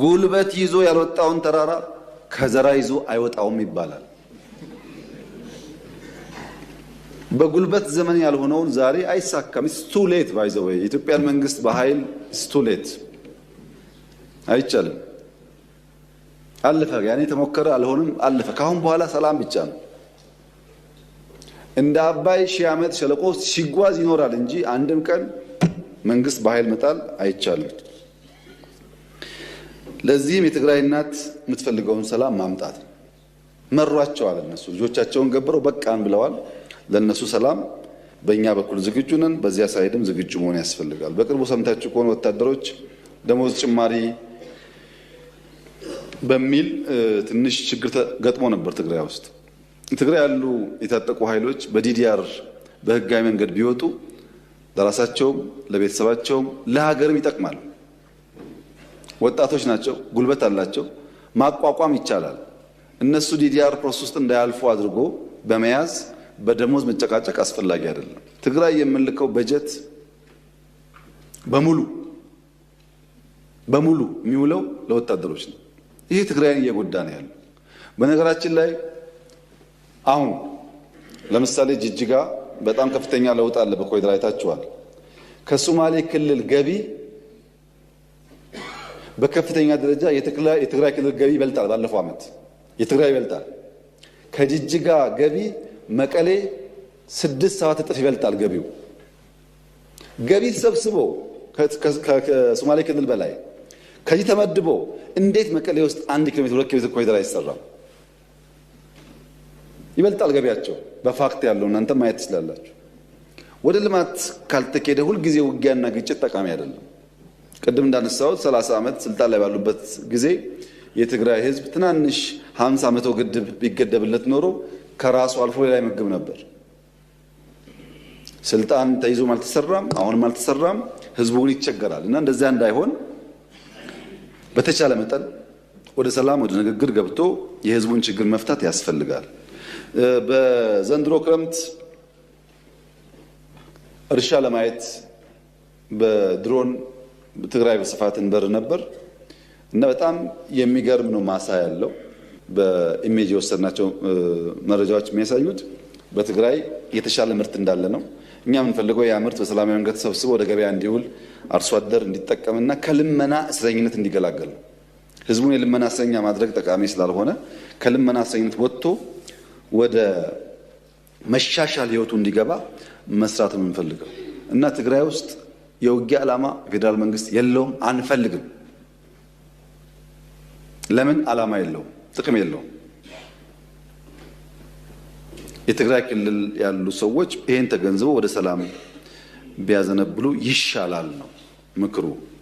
ጉልበት ይዞ ያልወጣውን ተራራ ከዘራ ይዞ አይወጣውም ይባላል። በጉልበት ዘመን ያልሆነውን ዛሬ አይሳካም። ስቱ ሌት ባይዘወ የኢትዮጵያን መንግስት በኃይል ስቱ ሌት አይቻልም። አለፈ። ያኔ ተሞከረ፣ አልሆንም፣ አለፈ። ከአሁን በኋላ ሰላም ብቻ ነው። እንደ አባይ ሺህ ዓመት ሸለቆ ሲጓዝ ይኖራል እንጂ አንድም ቀን መንግስት በኃይል መጣል አይቻልም። ለዚህም የትግራይ እናት የምትፈልገውን ሰላም ማምጣት መሯቸዋል። እነሱ ልጆቻቸውን ገብረው በቃን ብለዋል። ለእነሱ ሰላም በእኛ በኩል ዝግጁ ነን። በዚያ ሳይድም ዝግጁ መሆን ያስፈልጋል። በቅርቡ ሰምታችሁ ከሆነ ወታደሮች ደሞዝ ጭማሪ በሚል ትንሽ ችግር ገጥሞ ነበር ትግራይ ውስጥ። ትግራይ ያሉ የታጠቁ ኃይሎች በዲዲአር በህጋዊ መንገድ ቢወጡ ለራሳቸውም ለቤተሰባቸውም ለሀገርም ይጠቅማል። ወጣቶች ናቸው፣ ጉልበት አላቸው፣ ማቋቋም ይቻላል። እነሱ ዲዲአር ፕሮሰስ ውስጥ እንዳያልፉ አድርጎ በመያዝ በደሞዝ መጨቃጨቅ አስፈላጊ አይደለም። ትግራይ የምንልከው በጀት በሙሉ በሙሉ የሚውለው ለወታደሮች ነው። ይሄ ትግራይን እየጎዳ ነው ያለው። በነገራችን ላይ አሁን ለምሳሌ ጅጅጋ በጣም ከፍተኛ ለውጥ አለ። በኮሪደር አይታችኋል። ከሶማሌ ክልል ገቢ በከፍተኛ ደረጃ የትግራይ ክልል ገቢ ይበልጣል። ባለፈው ዓመት የትግራይ ይበልጣል። ከጅጅጋ ገቢ መቀሌ ስድስት ሰባት እጥፍ ይበልጣል ገቢው። ገቢ ተሰብስቦ ከሶማሌ ክልል በላይ ከዚህ ተመድቦ እንዴት መቀሌ ውስጥ አንድ ኪሎ ሜትር ሁለት ኪሎ ሜትር ኮሪደር አይሰራም? ይበልጣል ገቢያቸው። በፋክት ያለው እናንተ ማየት ትችላላችሁ። ወደ ልማት ካልተካሄደ ሁልጊዜ ውጊያና ግጭት ጠቃሚ አይደለም። ቅድም እንዳነሳሁት 30 ዓመት ስልጣን ላይ ባሉበት ጊዜ የትግራይ ህዝብ ትናንሽ 50 መቶ ግድብ ቢገደብለት ኖሮ ከራሱ አልፎ ሌላ ይመግብ ነበር። ስልጣን ተይዞም አልተሰራም፣ አሁንም አልተሰራም። ህዝቡን ይቸገራል እና እንደዚያ እንዳይሆን በተቻለ መጠን ወደ ሰላም ወደ ንግግር ገብቶ የህዝቡን ችግር መፍታት ያስፈልጋል። በዘንድሮ ክረምት እርሻ ለማየት በድሮን ትግራይ በስፋት እንበር ነበር እና በጣም የሚገርም ነው ማሳ ያለው በኢሜጅ የወሰድናቸው መረጃዎች የሚያሳዩት በትግራይ የተሻለ ምርት እንዳለ ነው። እኛ የምንፈልገው ያ ምርት በሰላማዊ መንገድ ተሰብስቦ ወደ ገበያ እንዲውል አርሶ አደር እንዲጠቀምና ከልመና እስረኝነት እንዲገላገል ነው። ህዝቡን የልመና እስረኛ ማድረግ ጠቃሚ ስላልሆነ ከልመና እስረኝነት ወጥቶ ወደ መሻሻል ህይወቱ እንዲገባ መስራት የምንፈልገው እና ትግራይ ውስጥ የውጊያ ዓላማ የፌዴራል መንግስት የለውም፣ አንፈልግም። ለምን? ዓላማ የለውም፣ ጥቅም የለውም። የትግራይ ክልል ያሉ ሰዎች ይህን ተገንዝበው ወደ ሰላም ቢያዘነብሉ ይሻላል ነው ምክሩ።